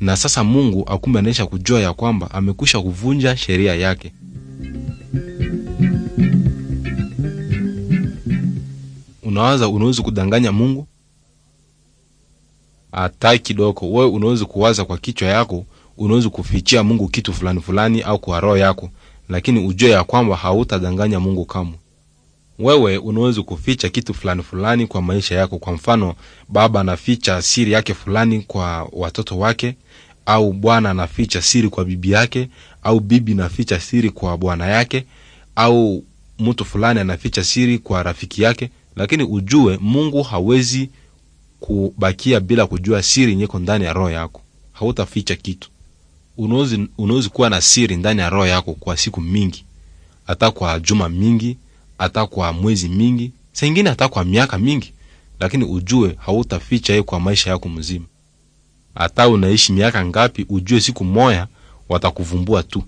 na sasa Mungu akumbe anaisha kujua ya kwamba amekwisha kuvunja sheria yake. Unawaza unaweza kudanganya Mungu? Hata kidogo. Wewe unaweza kuwaza kwa kichwa yako, unaweza kufichia Mungu kitu fulani fulani au kwa roho yako, lakini ujue ya kwamba hautadanganya Mungu kamwe wewe unaweza kuficha kitu fulani fulani kwa maisha yako kwa mfano baba anaficha siri yake fulani kwa watoto wake au bwana anaficha siri kwa bibi yake au bibi naficha siri kwa bwana yake au mtu fulani anaficha siri kwa rafiki yake lakini ujue mungu hawezi kubakia bila kujua siri nyeko ndani ya roho yako hautaficha kitu unaweza kuwa na siri ndani ya roho yako kwa siku mingi hata kwa juma mingi hata kwa mwezi mingi, sengine hata kwa miaka mingi, lakini ujue hautaficha yeye kwa maisha yako mzima. Hata unaishi miaka ngapi, ujue siku moya watakuvumbua tu.